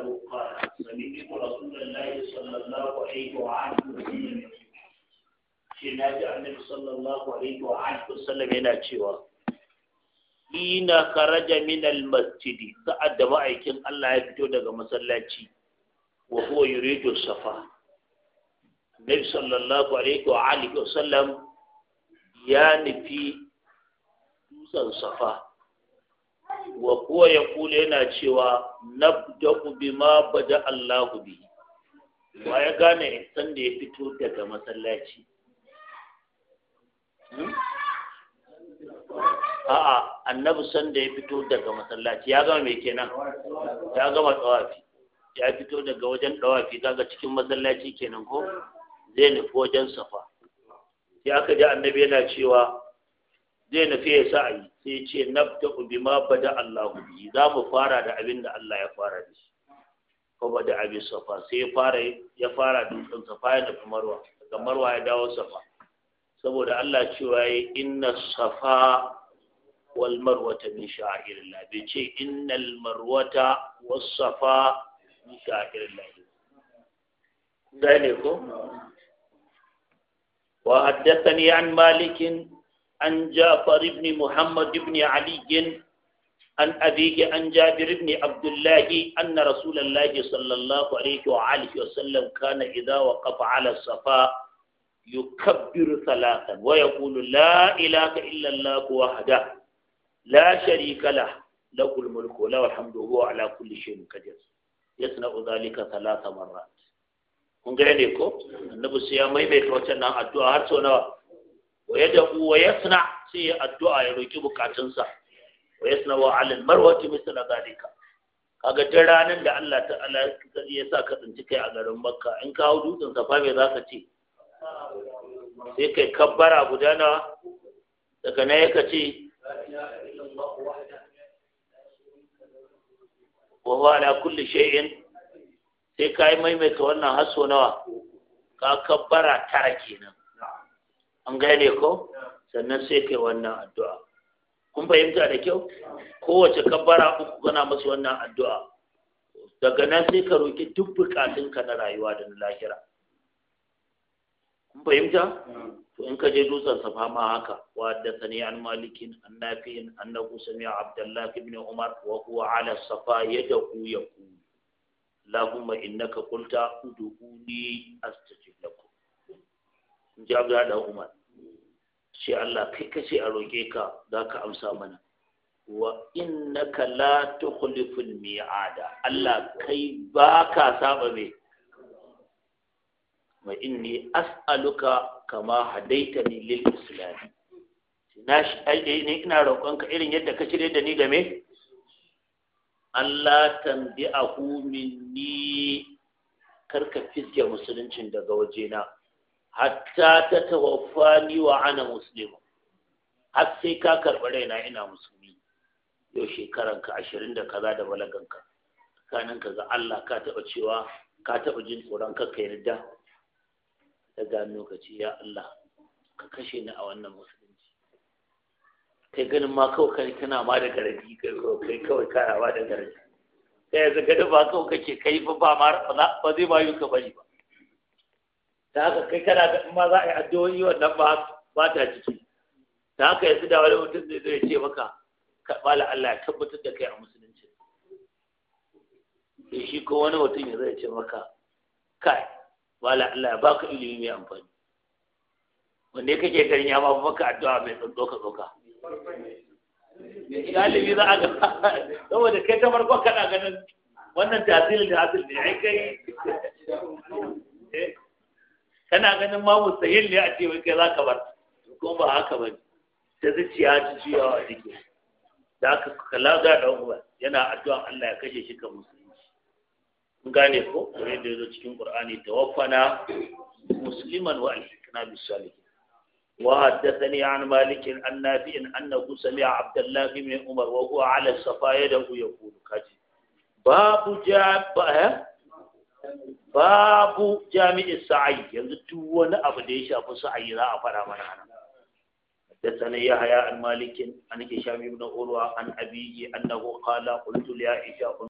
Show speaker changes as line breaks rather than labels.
قال سمعت رسول الله صلى الله عليه وسلم shi na ji annabi sallallahu alaihi wa alihi wasallam yana cewa ina kharaja min al-masjidi sa'ad da ma'aikin Allah ya fito daga masallaci wa huwa yuridu safa annabi sallallahu alaihi wa alihi wasallam ya nufi dusan safa wa kuwa ya kula yana cewa na ma ba da Allah bi wa ya gane san da ya fito daga masallaci hmm? a'a annabi san da ya fito daga masallaci ya gama me kenan ya gama tsawafi ya fito daga wajen dawafi kaga cikin masallaci kenan ko zai nufi wajen safa sai aka ji annabi yana cewa zai na ya sa yi sai ce nabda ubi ma da Allah bihi za mu fara da abin da Allah ya fara da shi ko da abin safa sai ya fara ya fara dutsen safa ya nufi marwa daga marwa ya dawo safa saboda Allah cewa ya inna safa wal marwata min sha'irillah bai ce innal marwata was safa min sha'irillah gane ko wa haddathani an malikin عن جعفر بن محمد بن علي عن أبيه عن جابر بن عبد الله أن رسول الله صلى الله عليه وآله وسلم كان إذا وقف على الصفا يكبر ثلاثا ويقول لا إله إلا الله وحده لا شريك له له الملك وله الحمد وهو على كل شيء قدير يصنع ذلك ثلاث مرات kun gane ko annabi sai ya maimaita wannan addu'a har sau nawa Waye da da'u wa yasna sai ya addu'a ya roki bukatunsa wa yasna wa alal marwati misla zalika kaga duk ranar da Allah ta'ala ya sa ka tsinci kai a garin Makka in ka hau dutsen safa me zaka ce sai kai kabbara guda daga nan yaka ce wa huwa ala kulli shay'in sai ka yi maimaita wannan hasso nawa ka kabbara tara kenan an gane ko sannan sai kai wannan addu'a kun fahimta da kyau kowace kabbara uku kana masu wannan addu'a daga nan sai ka roki duk ka na rayuwa da na lahira kun fahimta to in ka je dutsen safa ma haka wa sani an malikin an nafi'in annahu abdullahi ibn umar wa huwa ala safa ya yaqulu lahumma innaka qulta ادعوني astajib لكم in ji da umar Shi Allah kai ka ce a roƙe ka za ka amsa mana wa innaka la tukhliful mi'ada Allah kai ba ka saba me wa inni as'aluka kama hadaitani lil islam na shi ina ka irin yadda ka shirye da ni game Allah tambi a minni karka fiske musuluncin daga wajena hatta ta ni wa ana musulmi har sai ka karɓi raina ina musulmi yau shekaran ka ashirin da kaza da balaganka ka ga Allah ka taɓa cewa ka taɓa jin tsoron ka yarda da gano ka ce ya Allah ka kashe ni a wannan musulunci kai ganin ma kawai kai kana ma da garaji kai kawai kana ma da garaji kai yanzu ganin ba kawai kake kai ba ba ma ba zai ba yi ka bari ba da haka kai kana ga ma za a yi addu'o'i wannan ba ba ta ciki da haka yanzu da wani mutum zai zai ce maka karɓa la Allah ya tabbatar da kai a musulunci sai shi ko wani mutum ya zai ce maka kai wala Allah ya baka ilimi mai amfani wanda kake ganin ya ba maka addu'a mai tsoka tsoka galibi za a ga saboda kai ta farko kana ganin wannan tasirin da hasil ne ai kai eh? kana ganin ma mustahil ne a ce wai kai zaka bar ko ba haka ba ta zuciya ta juyawa a jiki da aka kala ga dan uba yana addu'a Allah ya kashe shi ka musulunci kun gane ko kamar da ya zo cikin Qur'ani tawaffana musliman wa alhikna wa haddathani an malik an nafi an annahu sami'a abdullah ibn umar wa huwa ala safa يده yaqulu kaji babu جاب eh? babu jami'in sa'ayi yanzu duk wani abu da ya shafi sa'ai za a fara mana nan da tsanin ya haya an malikin an shafi shami na urwa an abiji an nahu kala kuntul ya